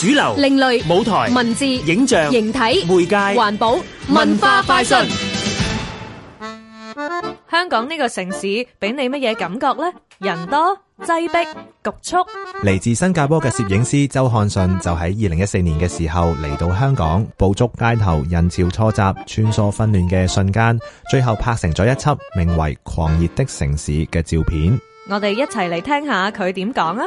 主流、另類舞台、文字、影像、形體、媒介、環保、文化、快訊。香港呢個城市俾你乜嘢感覺咧？人多擠逼、局促。嚟自新加坡嘅攝影師周漢信就喺二零一四年嘅時候嚟到香港，捕捉街頭人潮錯雜、穿梭混亂嘅瞬間，最後拍成咗一輯名為《狂熱的城市》嘅照片。我哋一齊嚟聽下佢點講啊！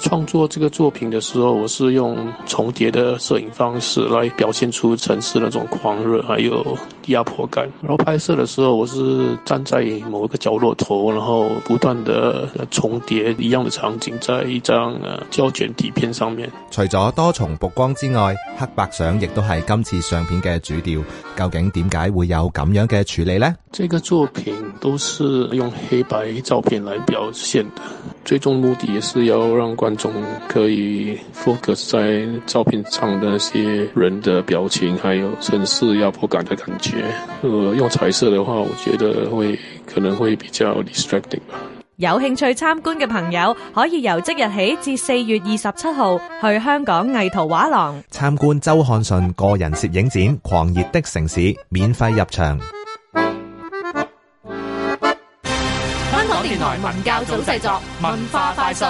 創作這個作品的時候，我是用重疊的攝影方式來表現出城市那種狂熱，還有壓迫感。然後拍攝的時候，我是站在某一個角落頭，然後不斷地重疊一樣的場景在一張膠卷底片上面。除咗多重曝光之外，黑白相亦都係今次相片嘅主調。究竟點解會有咁樣嘅處理呢？這個作品。都是用黑白照片來表現的，最終目的也是要讓觀眾可以 focus 在照片上那些人的表情，還有城市壓迫感的感覺。如果，呃，用彩色的話，我覺得會可能會比較 distracting。有興趣參觀嘅朋友，可以由即日起至四月二十七號去香港藝圖畫廊參觀周漢順個人攝影展《狂熱的城市》，免費入場。香港電台文教組製作，作，文化快訊。